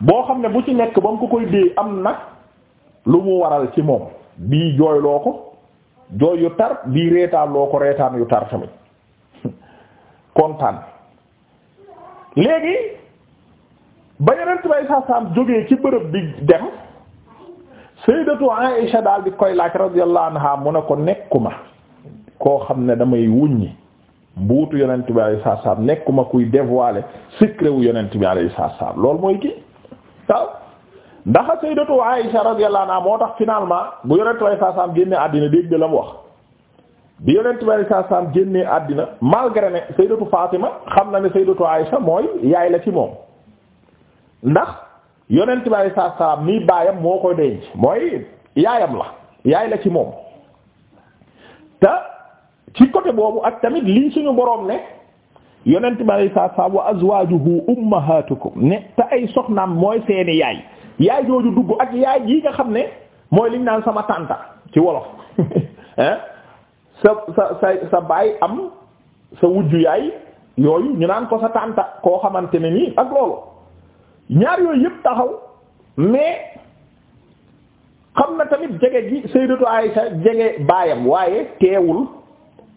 boo xam ne bu ci nekk ba mu ko koy dee am na lu mu waral ci moom bii jooyloo ko jooy yu tar bii reetaan loo ko reetaan yu tar tamit kontaan léegi ba yeneen bay saa jógee ci bërëb bi dem sayyidatu Aisha daal di koy laaj radiyallahu anha mu ne ko nekkuma koo xam ne damay wuññi mbuutu yonent bi alayhi salaam nekkuma kuy dévoiler secret wu yonent bi alayhi salaam loolu mooy kii waaw ndax sayyidatu Aisha radiyallahu anha moo tax finalement bu yonent way saa saam àddina dégg la mu wax bi yonent way saa saam génnee àddina malgré ne sayyidatu Fatima xam na ne sayyidatu Aisha mooy yaay la ci moom ndax yonent way saa saam baayam moo koy denc mooy yaayam la yaay la ci moom te ci côté boobu ak tamit lii suñu boroom ne yonent bi alayhi salaam wa azwaajuhu ummahatukum ne te ay soxnaam mooy seeni yaay yaay jooju dugg ak yaay yi nga xam ne mooy liñ naan sama tànta ci wolof hein sa sa sa sa baay am sa wujju yaay yooyu ñu naan ko sa tànta koo xamante ne nii ak loolu ñaar yooyu yëpp taxaw mais xam na tamit jege gi sayyidatu Aysa jege baayam waaye teewul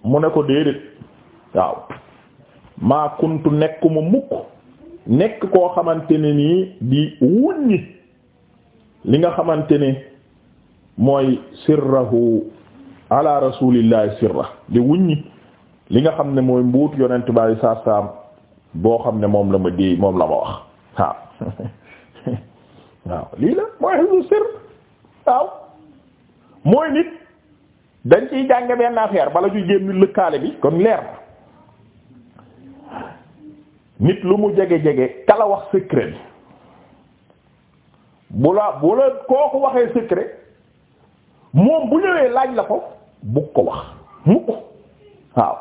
mu ne ko déedéet waaw maa kuntu nekk mu mukk nekk koo xamante ne nii di wuññi li nga xamante ne mooy sirrahu ala rasulillahi sirra di wuññi li nga xam ne mooy mbuut yonent bàyyi saa saam boo xam ne moom la ma di moom la ma wax waaw waaw lii la mooy xisbu sirr waaw mooy nit dañ ciy jànge benn affaire bala ju génn lëkkaale bi kon leer na nit lu mu jege-jege kala wax secret bi bu la bu la kooku waxee secret moom bu ñëwee laaj la ko bu ko wax mukk waaw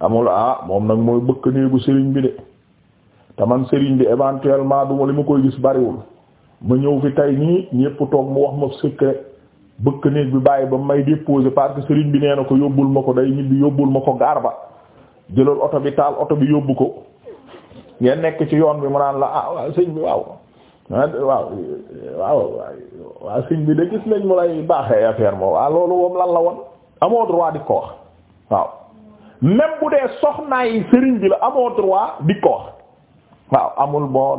amul ah moom nag mooy bëkk néegu sëriñ bi de te man sëriñ bi éventuellement duma li ma koy gis bariwul ma ñëw fi tey nii ñépp toog mu wax ma secret bëkk néeg bi bàyyi ba may déposer parce que sëriñ bi nee na ko yóbbul ma ko day ñibbi yóbbul ma ko gaar ba jëlal oto bi taal oto bi yóbbu ko ngeen nekk ci yoon bi mu naan la ah sëñ bi waaw waaw waaw waaw bi de gis nañ mu lay baaxee affaire moom waaw ah, loolu moom lan la woon amoo droit di ko wax waaw même bu dee soxnaay sëriñ bi la amoo droit di ko waaw amul bon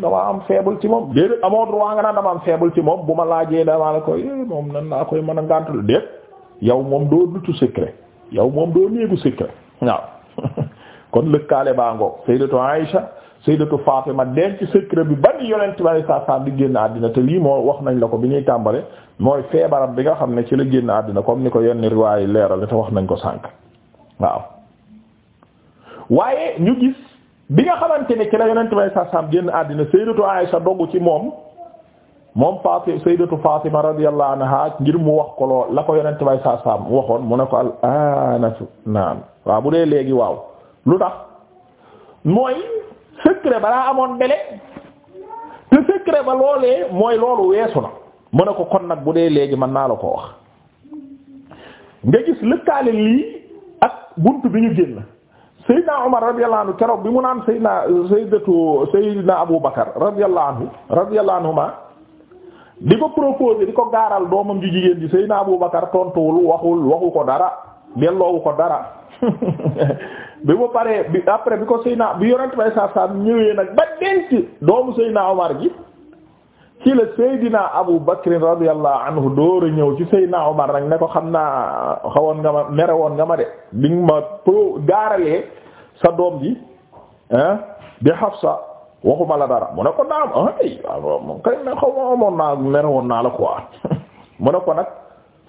dama am feebul ci moom déedéet amoo droit nga naan dama am faible ci moom bu ma laajee dama la koy eh, moom nan naa koy mën a ngàntul déet yow moom doo lutu secret yow moom doo néegu secret waaw kon lëkkaale baa ngoog sayyidatu Aïsha sayyidatu Fatima denc secret bi ban yonent bi saa saa di génn àddina te lii moo wax nañ la ko bi ñuy tàmbale mooy feebaram bi nga xam ne ci la génn àddina comme ni ko yenn riwaay leeral te wax nañ ko sànq waaw. waaye ñu gis bi nga xamante ne ci la yonent bi saa génn àddina sayyidatu Aïsha dogg ci moom moom Fatima sayyidatu Fatima radiyallahu anha ngir mu wax ko loo la ko yonent bi saa waxoon mu ne ko al aana naam bu dee léegi waaw. lu tax mooy secret balaa amoon bele te secret ba loolee mooy loolu weesu na mu ne ko kon nag bu dee léegi mën naa la ko wax nga gis lëkkaale lii ak buntu bi ñu génn Seydina Umar radiyallahu anhu keroog bi mu naan Seydina Sayyidatu Seydina Abu Bakar radiyallahu anhu radiyallahu anhuma di ko proposé di ko gaaral doomam ju jigéen ji Seydina Abu Bakar tontuwul waxul waxu ko dara delloowu ko dara bi mu paree bi après bi ko Seydina bi yonent bay saa saa ñëwee nag ba denc doomu Seydina Omar gi ci la Seydina Abu Bakr radiyallahu anhu ñëw ci Seydina Omar nag ne ko xam naa xawoon nga ma mere woon nga ma de bi ma pro gaaralee sa doom ji ah di Hafsa waxuma la dara mu ne ko naam ay waaw moom kay na xaw ma naa mere naa la quoi mu ne ko nag.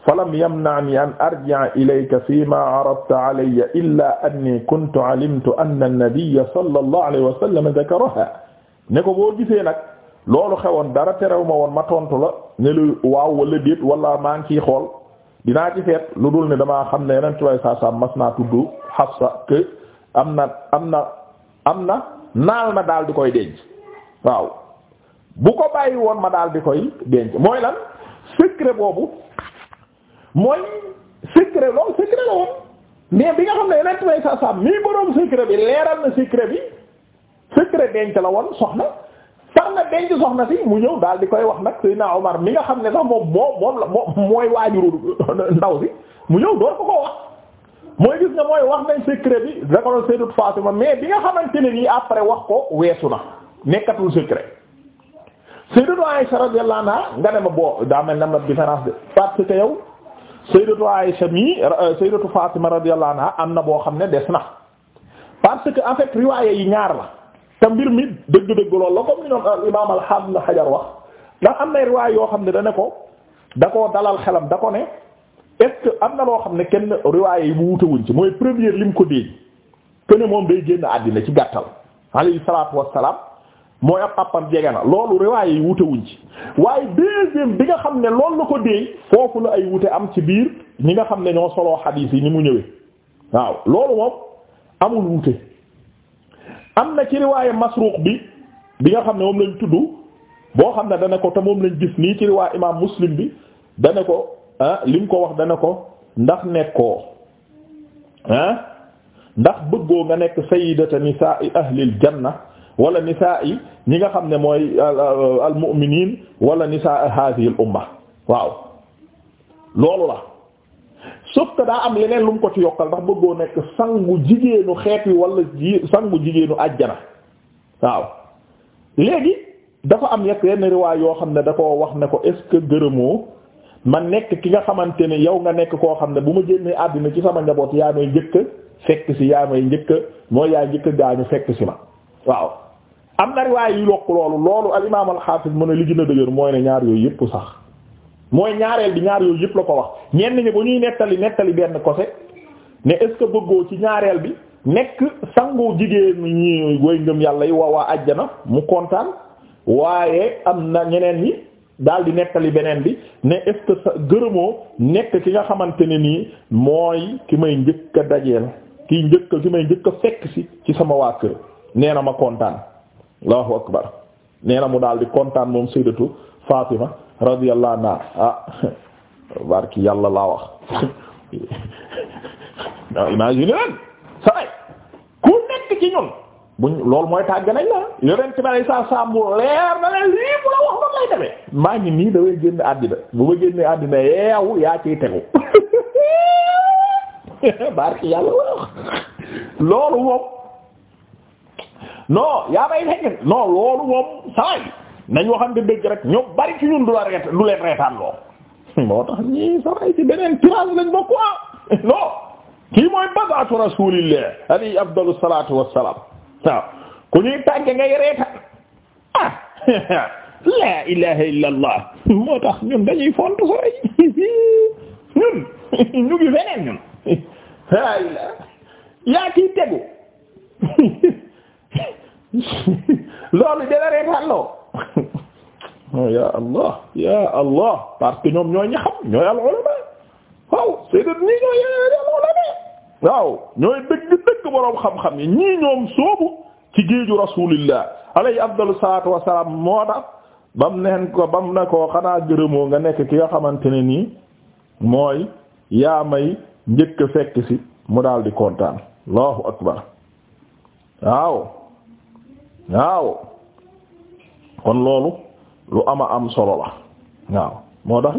falam yamna'ni an arji'a ilayka fima 'arabta 'alayya illa anni kuntu 'alimtu anna an-nabiyya sallallahu alayhi wa sallam dhakaraha ne ko boo gisee nag loolu xewoon dara terew ma woon ma tontu la ne lu waaw wala déet wala maa ngi ciy xool dinaa ci seet lu dul ne damaa xam ne yeneen tubaab saa saa mas naa tudd Hafsa am na na am na naal na daal di koy denc waaw bu ko bàyyi woon ma daal di koy denc mooy lan secret boobu. mooy secret loolu secret la woon mais bi nga xam ne yonent may sa sam mii boroom secret bi leeral na secret bi secret denc la woon soxna tax na denc soxna si mu ñëw daal di koy wax nag Seydina Omar mi nga xam ne sax moom moom moom la moom mooy waajuru ndaw si mu ñëw door ko ko wax mooy gis nga mooy wax nañ secret bi da ko doon Sayyidatu mais bi nga xamante nii après wax ko weesu na nekkatul secret Sayyidatu Aisha radiyallahu anha nga ne ma boo daa mel na ma différence de parce que yow sayyidatu Aisha mi euh, sayyidatu Fatima radiyallahu anha am na boo xam ne des na parce que en fait yi ñaar la te mbir mi dëgg-dëgg loolu la comme ni ñoom al euh, imaam al na Hajar wax ndax am na riwaaya yoo xam ne dana ko da koo dalal xelam da ko ne est am na loo xam ne kenn riwaaya yi bu wutewuñ ci mooy première lim ko dégg que moom day génn àddina ci gàttal alayhi salaatu wassalaam mooy ab appam jege na loolu riwaaye yi wute ci waaye deuxième bi nga xam ne loolu la ko déey foofu la ay wute am ci biir ñi nga xam ne ñoo soloo xadiis yi ni mu ñëwee waaw loolu moom amul wute am na ci riwaaye masruuq bi bi nga xam ne moom lañ tudd boo xam ne dana ko te moom lañ gis nii ci riwaaye imaam muslim bi dana ko ah lim ko wax dana ko ndax nekkoo ah ndax bëggoo nga nekk sayyidata nisaa ahlil janna wala nisaa'i ñi nga xam ne mooy al mu'miniin wala nisaa'i haadihi al umma waaw loolu la sauf que daa am leneen lu ko ci yokkal ndax bëggoo nekk sangu jigéenu xeet yi walla ji sangu jigéenu àjjana waaw léegi dafa am yegg yenn riwaay yoo xam ne da wax ne ko est-ce que gërëmoo ma nekk ki nga xamante ne yow nga nekk koo xam ne bu ma génnee àddina ci sama njaboot yaa may njëkk fekk si yaa may njëkk mooy yaa njëkk gaañu fekk si ma waaw am na riwaay yu lokk loolu loolu al imaam al xaafis mu ne li gën a dëgër mooy ne ñaar yooyu yëpp sax mooy ñaareel bi ñaar yooyu yëpp la ko wax ñenn ñi bu ñuy nettali nettali benn kose ne est ce que bëggoo ci ñaareel bi nekk sangu jigéen ñi woy ngëm yàlla yi waa waa ajjana mu kontaan waaye am na ñeneen ñi daal di nettali beneen bi ne est sa gërëmoo nekk ki nga xamante ne nii mooy ki may njëkk a dajeel ki njëkk ki may njëkk a fekk si ci sama waa kër nee na ma kontaan. allahu akbar nee mu daal di kontaan moom sayyidatu Fatima radiyallahu anha ah barki yàlla laa wax non imagine leen saray ku nekk ci ñun buñ loolu mooy tàgg nañ la yonent bi alay saa saa mu leer na leen lii mu la wax noonu lay demee maa ngi nii damay génn àddina bu ma génnee àddina yeewu yaa ciy tegu barki yàlla loolu moom non yaa may fekk non loolu moom saway nañ waxante dëgg rek ñoom bari ci ñun du la reet du leen reetaan loo moo tax ñii saway ci beneen tirage lañ bokk ah non kii mooy badaatu rasulillah alayhi afdalu salatu wassalam ah, moo tax ñun dañuy font saway ñun ñu ngi feneen ñun yaa kii tegu loolu dina reetaanloo oh, ya allah ya allah parce que ñoom ñooy ñi xam ñooy al ulama waaw ñooy al ulama boroom xam-xam yi ñii ñoom soobu ci géeju rasulillah alayhi afdalu salaatu wassalaam moo tax bam neen ko bam ne ko xanaa gërëmoo nga nekk ki nga xamante ne nii mooy yaa may njëkk fekk si mu daal di kontaan allahu akbar waaw waaw kon loolu lu ama am solo la waaw moo tax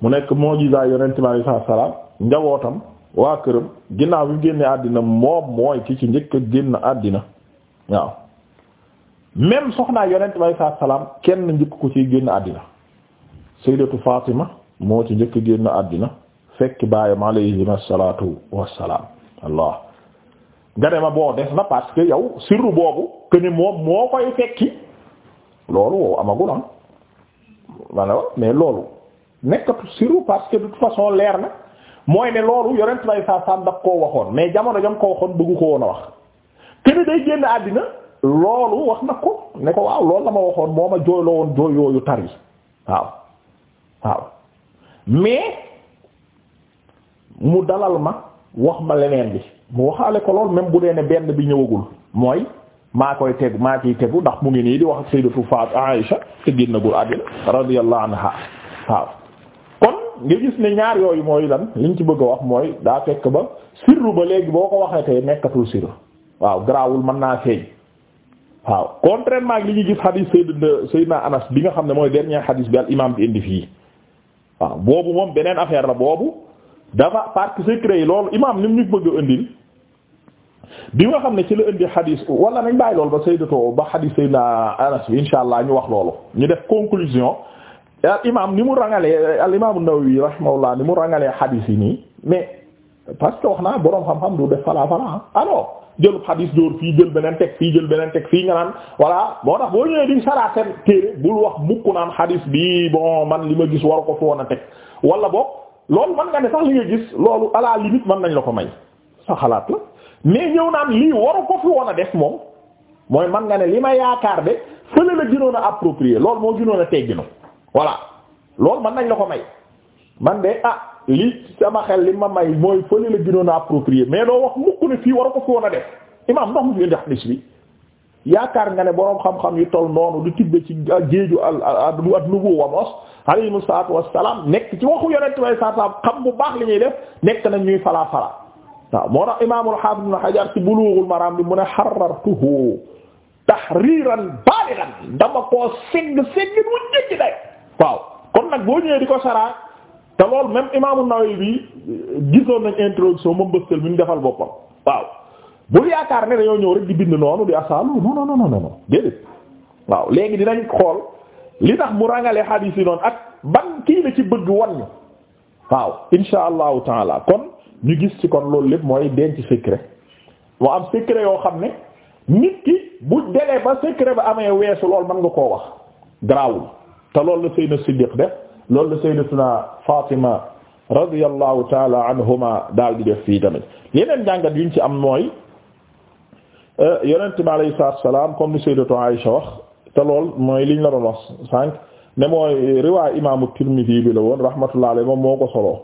mu nekk mujiza yonent bi alayhi salaam njabootam waa këram ginnaaw bi génne àddina moom mooy ki ci njëkk génn àddina waaw même soxnaa yonent bi alayhi salaam kenn njëkk ko ciy génn àddina sayyidatu Fatima moo ci njëkk génn àddina fekk baayam alayhi salaatu wassalaam allah nga ma boo des na parce que yow sirru boobu que moom moo koy fekki loolu wow amagul am ah. walla mais loolu nekkatu sirru parce que de toute façon leer na mooy ne loolu yorent bay saa san daf koo waxoon mais jamono jam ko waxoon bëggu ko woon a wax kene day génn àddina loolu wax na ko ne ko waaw loolu la waxoon moo ma jooyloo woon jooy yooyu tar yi waaw waaw mais mu dalal ma wax ma leneen bi mu waxaale ko lool même bu dee ne benn bi ñëwagul mooy maa koy tegu maa ciy tegu ndax mu ngi nii di wax ak sayyidatu faat Aisha te génnagul àddina radiyallahu anha waaw kon nga gis ne ñaar yooyu mooy lan liñ ci bëgg a wax mooy daa fekk ba sirru ba léegi boo ko waxee tey nekkatul sirru waaw garaawul mën naa feeñ waaw contrairement ak li ñu gis xadiis sayyidina sayyidina Anas bi nga xam ne mooy dernier xadiis bi al imaam bi indi fii waaw boobu moom beneen affaire la boobu dafa parce que secret yi loolu imaam ni mu ñu bëgg a indil bi nga xam ne ci la indi xadiis wala nañ bàyyi loolu ba saydatoo ba xadiis Seydina Anas bi insha allah ñu wax loolu ñu def conclusion al imaam ni mu rangalee al imaam An-Nawawi rahimahullah ni mu rangalee xadiis yi nii mais parce que wax naa boroom xam-xam du def falaa falaa alors jël xadiis dóor fii jël beneen teg fii jël beneen teg fii nga naan voilà moo tax boo ñëwee di saraa seen téere bul naan xadiis bi bon man li ma gis waru ko fi a teg wala boog loolu man nga ne sax li nga gis loolu à la limite mën nañ la ko may sa xalaat la mais ñëw naan lii waru ko fi woon a def moom mooy man nga ne li ma yaakaar de fële la gënoon a approprier loolu moo ginoon a tegginu voilà loolu mën nañ la ko may man de ah lii sama xel li ma may mooy fële la gënoon a approprier mais doo wax mukk ne fii a ko fi woon a def imaam ndox mu fi indi xadis bi yaakaar nga ne boroom xam-xam yi toll noonu du tibbe ci géeju al du at nubu wa mos alayhimu salaatu wassalaam nekk ci waxu yonent way saasaam xam bu baax li ñuy def nekk nañ ñuy falaa falaa waaw moo tax imaamul haafid ibn hajar ci bulughul maraam bi mu ne harrartuhu tahriiran baalighan dama koo segg segg mu jéggi day waaw kon nag boo ñëwee di ko saraa te lool même imaamu Nawawi bi gisoon nañ introduction moom bëstal mi ñu defal boppam waaw bul yaakaar ne dañoo ñëw rek di bind noonu di asaalu non non non non déedéet waaw léegi dinañ xool li tax mu ràngale hadith yi noonu ak ban kii la ci bëgg wan waaw insha allahu taala kon ñu gis ci kon loolu lépp mooy denc secret moo am secret yoo xam ne nit ki bu delee ba secret ba amee weesu lool mën nga koo wax garaawul te loolu la Seydina Siddiq def loolu la Sayyidatuna Fatima radiyallahu taala anhuma daal di def fii tamit yeneen jàngat yuñ ci am mooy. Euh, yonent bi alayhi salaam comme ni sayyidatu Aisha wax te lool mooy liñ la doon wax sànq ne mooy riwaay imaamu Tirmidhi bi la woon rahmatullah alayhi moom moo ko soloo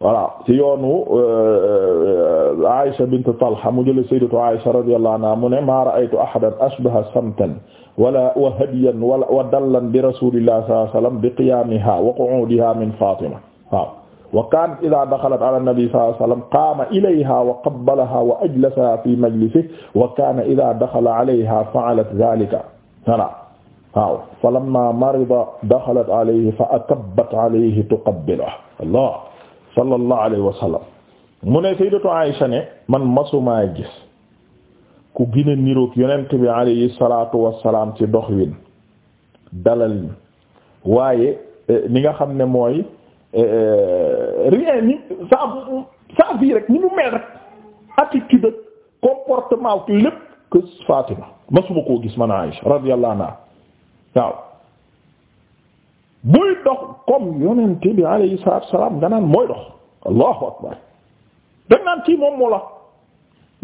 voilà ci yoonu euh, euh, Aisha bint Talha mu jële sayyidatu Aisha radiyallahu anha mu ne ma ra'aytu ahadan ashbaha samtan wala wa hadiyan wala wa dallan bi rasulillahi sallallahu alayhi wasallam bi qiyamiha wa qu'udiha min Fatima waaw wa kaanat idaa daxalat ala nabi sallallahu alayhi wa sallam qaama ilayhaa wa qabbalahaa wa ajlasahaa fii majlisihi wa kaana idaa daxala alayhaa fa'alat zaalika waaw falammaa marida daxalat alayhi fa akabbat alayhi tuqabbiluhu Allah sallallahu alayhi wa sallam mu ne sayyidatu Aisha ne man masumaa gis ku gën a niroog yonent bi alayhi salaatu wa salaam ci dox win dalal waaye eh, ni nga xam ne mooy. Euh, rien ni sa sa rek ni mu mel rek attitude ak comportement ak lépp que Fatima masuma koo gis man Aïcha radiyallahu anha waaw buy dox comme yonent bi alayhi salaatu salaam nga naan mooy dox allahu akbar da naan kii moom moo la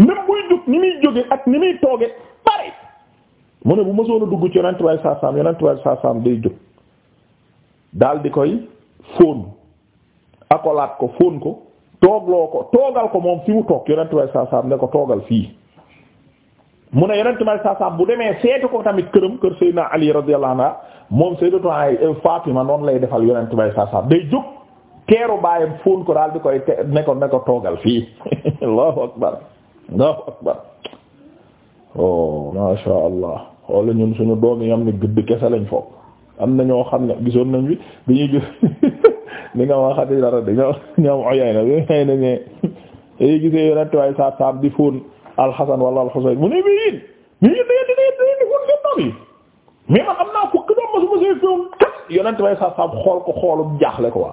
même buy jóg ni muy jóge ak ni muy tooge pare mu ne bu mësoon a ci yonent bi alayhi salaatu yonent bi alayhi salaatu day jóg daal di koy fóon akolaat ko fóon ko toogloo ko toogal ko moom fi mu toog yonent may saasaam ne ko toogal fii mu ne yonent may saasaam bu demee seeti ko tamit këram kër Seydina Ali radiyallahu anha moom Sayyidatu euh, Fatima noonu lay defal yonent may saasaam day jóg keeru baayam fóon ko daal di koy te ne ko ne ko toogal fii Allahu akbar Allahu akbar oh masha Allah xoolal ñun suñu doom yi am na gëdd kese lañ foog am na ñoo xam ne gisoon nañ bi dañuy gis ni nga waxati dara di ñoom ñoom oyay na bi ay na ñe yi gisee yonent waaye sa di fóon alxasan wala alxusayn mu ne bii yéen mii yéen dayen di dayeen di fóon naa fukki doom ma su xool ko xoolum jaaxle ko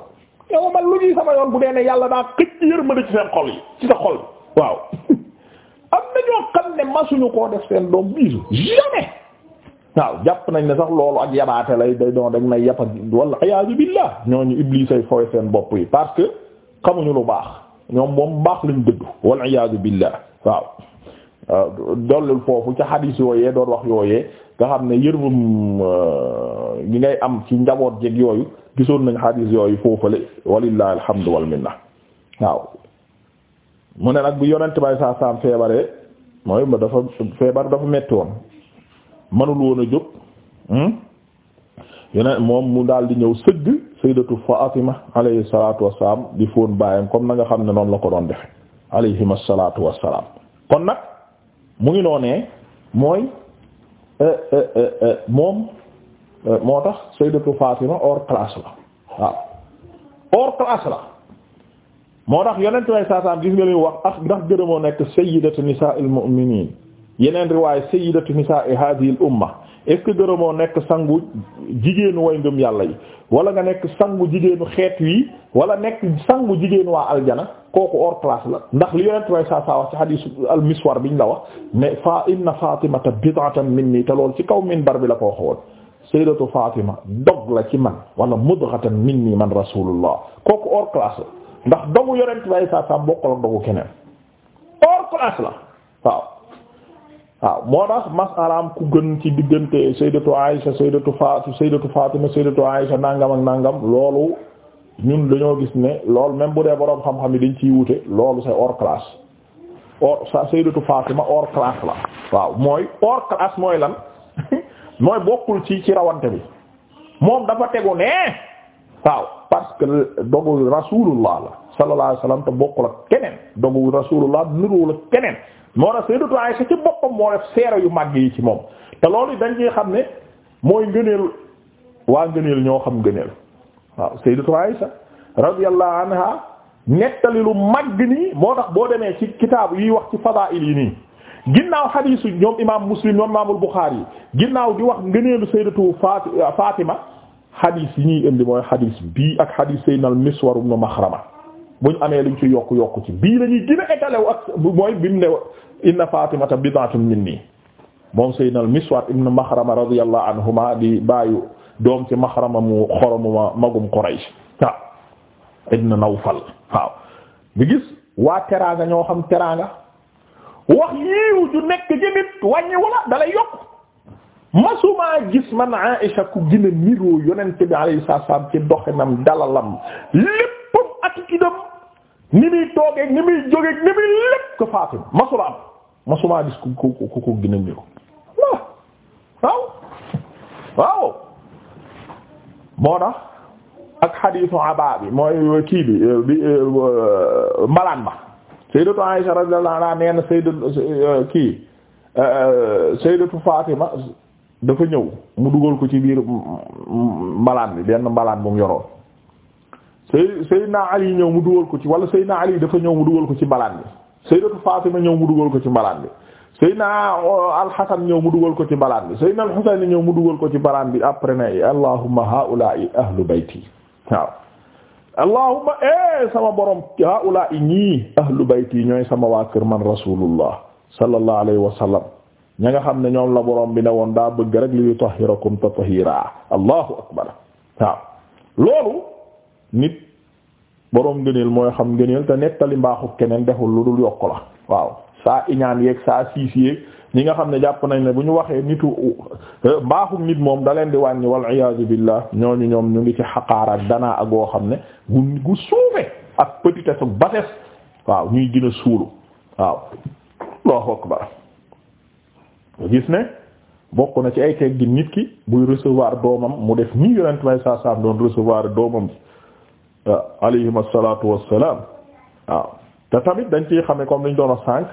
bu dee ne yàlla daa xëcc seen xol yi ci sa xol waaw am na ñoo xam ne masuñu koo def seen doom biisu jamais waaw jàpp nañ ne sax loolu ak yabaate lay day doon dañ may yàpp ak walla iyaazu billah ñooñu iblis ay fooy seen bopp yi parce que xamuñu lu baax ñoom moom baax lañ dëddu walla iyaazu billah waaw dollul foofu ca xadiis yooyee doon wax yooyee nga xam ne yërmum euh, gi ngay am ci njaboot jeg yooyu gisoon nañ xadiis yooyu foofale walillahi alhamdu wal minna waaw mu ne nag bu yonent bay saa saam feebaree mooy ma dafa feebar dafa metti woon manul woon a jóg hmm? yeneen moom mu daal di ñëw sëgg sayyidatu Fatima alayhi salaatu wassalaam di fóon baayam comme na nga xam ne noonu la ko doon defe alayhim salaatu wassalaam kon nag mu ngi noonee mooy eh, eh, eh, moom moo tax sayyidatu Fatima hors classe la waaw hors classe la moo tax yonent way saasaam gis nga li wax ak ndax gërëmoo nekk sayyidatu nisaa'il mu'miniin yeneen riwaay sayyidatu nisaa hadhihi al umma est ce que gërëmoo nekk sangu jigéenu way ngëm yàlla yi wala nga nekk sangu jigéenu xeet yi wala nekk sangu jigéen waa aljana kooku hors classe la ndax li yonent way saa saa wax ci hadith al miswar biñ la wax ne fa inna fatimata bid'atan minni te lool ci kaw minbar bi la ko waxoon sayyidatu fatima dog la ci man wala mudghatan minni man rasulullah kooku hors classe la ndax dogu yonent way saa saa bokkul ak dogu keneen waaw moo tax masalaam ku gën ci diggante sayyidatu Aisha sayyidatu Faatu sayyidatu Faatima sayyidatu Aisha nangam ak nangam loolu ñun dañoo gis ne loolu même bu dee boroom xam-xam yi dañ ciy wute loolu c'est or classe hors sa sayyidatu Faatima hors classe la waaw mooy hors classe mooy lan mooy bokkul ci ci rawante bi moom dafa tegu nee waaw parce que dogu rasulullah la sallallahu alayhi te bokkul ak keneen dogu rasulullah nuróol ak keneen moo tax Sayyidatu Aisha ci boppam moo def seere yu màgg yi ci moom te loolu dañ ciy xam ne mooy ngëneel waa ngëneel ñoo xam ngëneel waaw Sayyidatu Aisha radiyallahu anha nettali lu màgg nii moo tax boo demee ci kitaabu yiy wax ci fadaa'il yi nii ginnaaw xadiisu ñoom imaam Muslim ñoom imaamul yi ginnaaw di wax ngëneelu Sayyidatu Fatima xadiis yi ñuy indi mooy xadiis bii ak xadiis Sayyidina al-Miswar ibn bu ñu amee luñ ci yokk yokk ci bii lañuy gën wu ak mooy bi mu ne inna fatimata bid'atun minni moom sayyidna al miswat ibn mahrama radiyallahu anhuma di baayu doom ci mahrama mu xoromuma magum quraish waaw ibn nawfal waaw bi gis waa teraanga ñoo xam teraanga wax yiiw ju nekk ci wàññi wala dalay yokk masumaa gis man Aisha ku gën a niroo yonent bi alayhi salaam ci doxinam dalalam lépp ni muy toogeeg ni muy jógeeg ni muy lépp ko Fatima masula am masula gis ku ku ku ku gën a niru waaw waaw moo tax ak xadiisu abaa bi mooy kii bi eh, bi eh, eh, mbalaan ba sayyidatu Aisha radiyallahu anha nee kii sayyidatu Fatima dafa ñëw mu dugal ko ci biir mbalaan bi benn mbalaan bu mu yoroon Sey Seydina Ali ñëw mu dugal ko ci wala Seydina Ali dafa ñëw mu dugal ko ci balaan bi Sayyidatu Fatima ñëw mu dugal ko ci mbalaan bi Seydina uh, Al-Hasan ñëw mu dugal ko ci mbalaan bi Seydina Al-Husayn ñëw mu dugal ko ci balaan bi après nay allahumma haa'ulaa'i ahlu bayti waaw allahumma eh sama borom haa'ulaa'i ñii ahlu bayti ñooy sama waa kër man rasulullah sallallahu alayhi wa sallam ña nga xam ne ñoom la borom bi ne woon daa bëgg rek li yutahhirakum tathiira allahu akbar waaw loolu nit boroom ngëneel mooy xam ngëneel te nettali mbaaxu keneen deful lu dul yokk la waaw saa iñaan yeeg saa siis yeeg ñi nga xam ne jàpp nañ ne bu ñu waxee nitu mbaaxu nit moom da leen di wàññi wal iyaazu billah ñooñu ñoom ñu ngi ci xaqaar ak danaa ak woo xam ne gu gu suufe ak petitesse ak bassesse waaw ñuy gën a suulu waaw allahu akbar gis ne bokk na ci ay gi nit ki buy recevoir doomam mu def nii yonent saa saa doon recevoir doomam bi Euh, alayhim assalatu wassalam waaw te tamit dañ xam xame comme niñ doon a sànq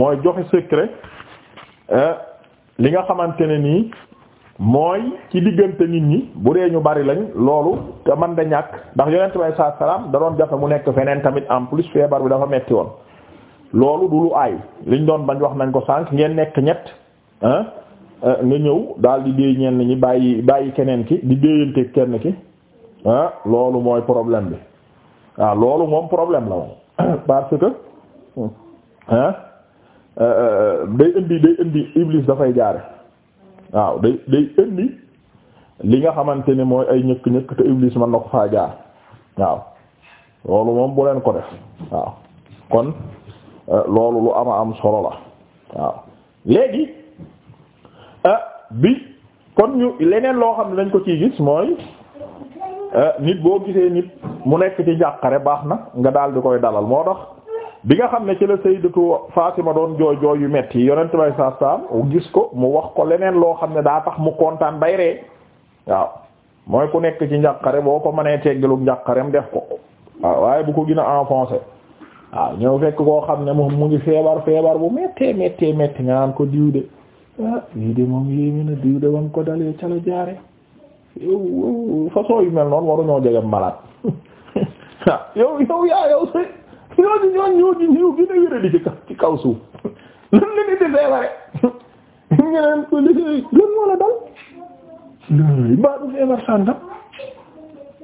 mooy joxe secret euh, li nga xamante ne nii mooy ci diggante nit ñi bu dee ñu bari lañ loolu te man da ñàkk ndax yonent bi saa salaam da doon jafe mu nekk feneen tamit en plus feebar bi dafa metti woon loolu du lu aay liñ doon bañ wax nañ ko sànq ngeen nekk ñett euh, nga ñëw daal di déey ñenn ñi bàyyi bàyyi keneen ki di déeyante kenn ki Ah loolu mooy problème bi waaw ah loolu moom problème la moom parce que ah euh, euh, day indi day indi iblis dafay jaare waaw day day indi li nga xamante ni mooy ay ñëkk-ñëkk te iblis mën na ko faa jaar waaw loolu moom bu leen ko def waaw kon euh, loolu lu am a am solo la waaw léegi bi kon ñu leneen loo xam ne dañ ko ci gis mooy Eh, nit boo gisee nit mu nekk ci njàqare baax na nga daal di koy dalal moo tax bi nga xam ne ci la sayyidatu ma doon jooy jooy yu metti yonent bay saa saam gis ko mu wax ko leneen loo xam ne daa tax mu kontaan bay ree waaw mooy ku nekk ci njàqare boo ko mënee teggalu njàqarem def ko waaw waaye bu ko gën a enfoncé waaw ñëw fekk koo xam ne moom mu ngi feebar feebar bu méttee méttee métti nga naan ko diw de ah lii de moom yéeme na diw de ba ko dalee ca yow façon yu mel noonu waruñoo jege malade ah, yow yow yaa yow si ñooñu ñooñu ñooñu ñëw gën a wéradi ci kaw ci kaw suuf lan la nit di feebare du feebar sàngam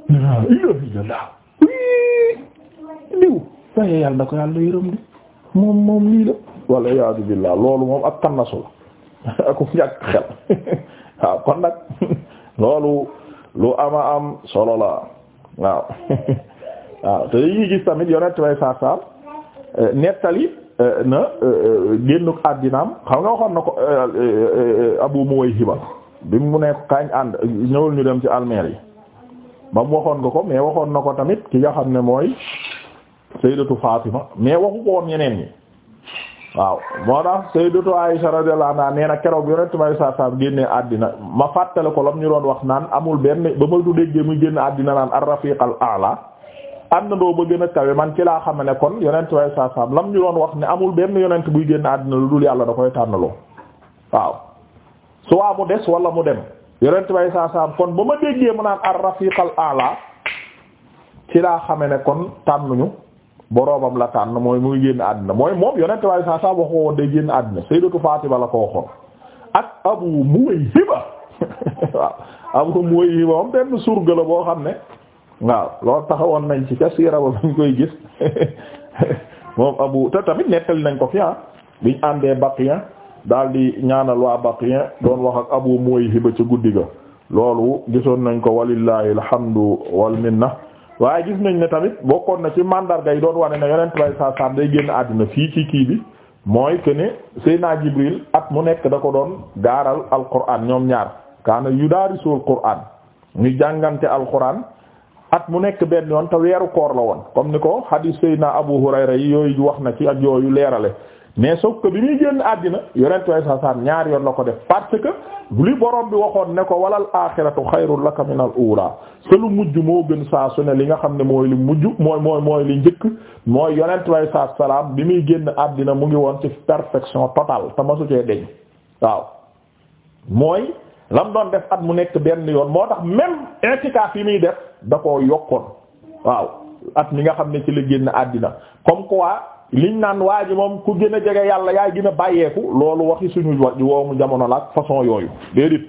laa ilaaha illallaah yàlla na ko yàlla yërëm di moom moom lii la walla iyaadu billaah loolu moom ak tannasu la ak ñàkk xel waaw kon nag loolu lu ama am solo la waaw waaw te dañuy gis tamit yonent bay saar saar eh, nettali eh, na eh, génnuk àddinaam xam nga waxoon na ko Abu Muwayhiba bi mu nekk ko kañ ànd ñëwul ñu dem ci almeer yi ba mu waxoon nga ko mais waxoon na ko tamit ki nga xam ne mooy Sayyidatu ma mais waxu ko woon ñeneen yi waaw moo tax sayyidatu Aisha radiyallahu anha nee na keroog yonent may saa saa génne àddina ma fàttale ko lam ñu doon wax naan amul benn ba ma du déggee muy génn àddina naan ar-rafiqal a'la àndandoo ba gën a kawe man ci laa xam ne kon yonent may saa lam ñu doon wax ni amul benn yonent buy génn àddina lu dul yàlla da koy tànnaloo waaw su waa mu des wala mu dem yonent may saa saa kon ba ma déggee mu naan ar-rafiqal a'la ci laa xam ne kon tànnuñu. boroomam la tànn mooy mu ngi génn àddina mooy moom yonent waaye saa saa waxoo woon day génn àddina Sayyidatu Fatima la ko waxoon ak Abu Muwayhiba waaw Abu Muwayhiba moom benn surga la boo xam ne waaw loolu taxawoon nañ ci ca siira ba ñu koy gis moom Abu te tamit nettali nañ ko fi ah biñ àndee Baqiya daal di ñaanal waa Baqiya doon wax ak Abu Muwayhiba ca guddi ga loolu gisoon nañ ko walillahi alhamdu wal waaye gis nañ ne tamit bokkoon na ci màndarga yi doon wane na yonent bay saa saam day génn àddina fii ci kii bi mooy que ne Seyna Jibril at mu nekk da ko doon gaaral Alquran ñoom ñaar kaana yu yudaarisu Alquran ñu jàngante Alquran at mu nekk benn yoon te weeru koor la woon comme ni ko hadith Seyna Abu Hurayra yi yooyu wax na ci ak yooyu leerale mais sauf que bi muy génn àddina yonent way sa ñaar yoon la ko def parce que li boroom bi waxoon ne ko walal axiratu xayrul laka min al sa lu mujj moo gën saa su ne li nga xam ne mooy li mujj mooy mooy mooy li njëkk mooy yonent way sa salaam bi muy génn àddina mu ngi woon ci perfection total te ma su cee deñ waaw mooy lam doon def at mu nekk benn yoon moo tax même i'tikaaf yi muy def da koo yokkoon waaw at mi nga xam ne ci li génn àddina liñ naan waa ji moom ku gën a jege yàlla yaa gën a bàyyeeku loolu waxi suñu wa woomu jamono la ak façon yooyu déedéet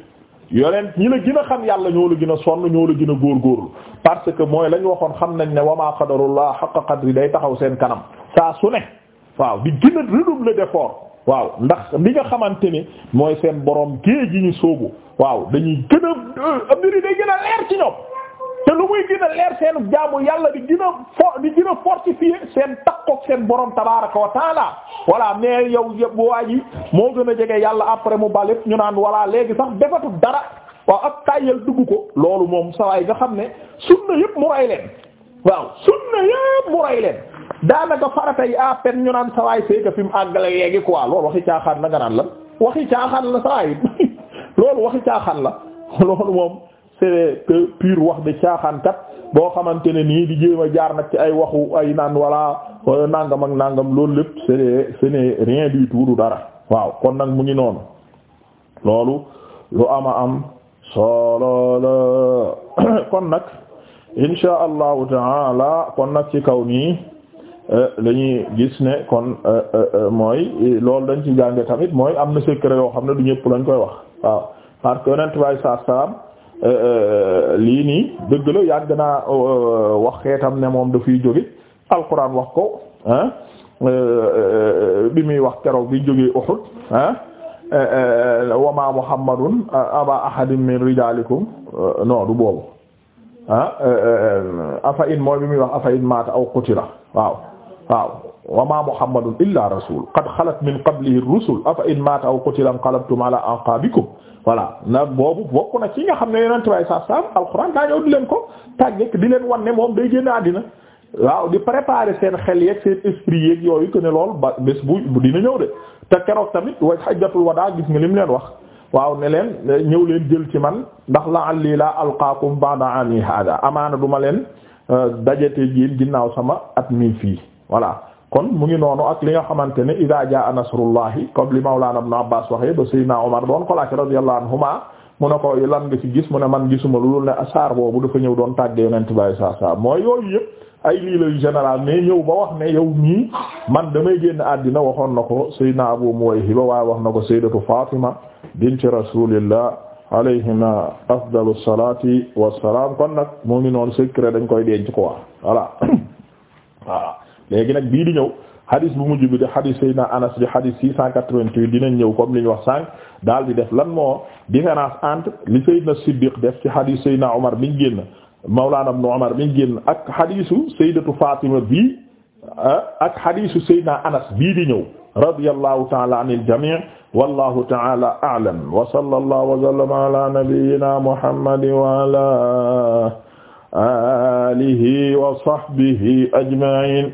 yonent ñi la gën a xam yàlla ñoo la gën a sonn ñoo la gën a góorgóorlu parce que mooy la ñu waxoon xam nañ ne wamaa qadarullah haqqa qadri day taxaw seen kanam saa su ne waaw di gën a redoubler d'effort waaw ndax li nga xamante ni mooy seen boroom géej gi ñu sóobu waaw dañuy gën a euh, mbir yi day gën a leer ci ñoom te lu muy gën leer seen jaamu yàlla di gën a fo di gën a fortifier seen takkook seen borom tabaaraka wa taala voilà mais yow yëpp waa ji moo gën a jege yàlla après mu balit ñu naan voilà léegi sax defatu dara waaw ab tàyyal dugg ko loolu moom sawaay nga xam ne sunna yëpp mu ray leen waaw sunna yëpp mu ray leen daanaka farata yi à ñu naan sawaay seega fi mu àggale léegi quoi loolu waxi caaxaan la nga naan lan waxi caaxaan la sawaay loolu waxi caaxaan la c'est que pur wax de caaxaankat boo xamante ne nii di jéem a jaar nag ci ay waxu ay naan wala euh, nangam ak nangam loolu lépp c'est ce n'est rien du tout du dara waaw kon nag mu ngi noonu loolu lu ama am solo la kon nag insha allahu taala kon nag ci kaw nii euh, lañuy gis ne kon euh, mooy loolu dañ ci jànge tamit mooy am na secret yoo xam ne du ñëpp lañ koy wax waaw parce que yonent bay saar saam Euh, euh, lii nii dëgg la yàgg naa euh, wax xeetam ne moom dafay jóge alquran wax ko ah muy wax keroog bi jógee Uhud ah wama muhammadun aba ahadin min rijalikum non du afa in mooy bi muy wax afa in maata aw qutila waaw wa ma muhammadun illa rasul qad xalat min qablihi rusul afa in mata aw qutila inqalabtum ala aqabikum voilà na boobu bokk na ci nga xam ne yonent way sa sam alquran daa ñëw di leen ko tàggeek di leen wan ne moom day génn àddina waaw di préparer seen xel yeeg seen esprit yeeg yooyu que ne lool ba bés bu dina ñëw de te keroog tamit wa hajjatul wadaa gis nga lim leen wax waaw ne leen ñëw leen jël ci man ndax la'alli laa alqaakum ba'da ami hada amaana duma leen euh, dajate yéen ginnaaw sama at mi fii voilà kon mu ngi noonu ak li nga xamante ne idaa jaa nasrullahi comme li mawlana ibn abbas waxee ba sayyidina omar doon ko laaj radiyallahu anhuma mu ne ko lan nga ci gis mu ne man gisuma lu ne asaar boobu dafa ñëw doon tàggee yonent baay saa saa mooy yooyu yëpp ay lii layu général mais ñëw ba wax ne yow nii man damay génn àddina waxoon na ko sayyidina abu muwayhiba waaye wax na ko sayyidatu fatima bint rasulillah alayhima afdalu salati wassalam kon nag moo ngi noonu secret dañ koy denc ko wax voilà léegi nag bii di ñëw hadis bu mujj bi de hadis Seydina Anas di hadis 688 dinañ ñëw comme li ñu wax sànq daal di def lan moo différence entre li Seydina Siddiq def ci hadis Seydina Omar biñ génn Mawlana Ibn Omar biñ génn ak hadisu Sayyidatu Fatima bii ah, ak hadisu Seydina Anas bii di ñëw radiyallahu ta'ala anil jami' wallahu ta'ala a'lam wa sallallahu wa sallama ala nabiyyina Muhammadin wa ala alihi wa sahbihi ajma'in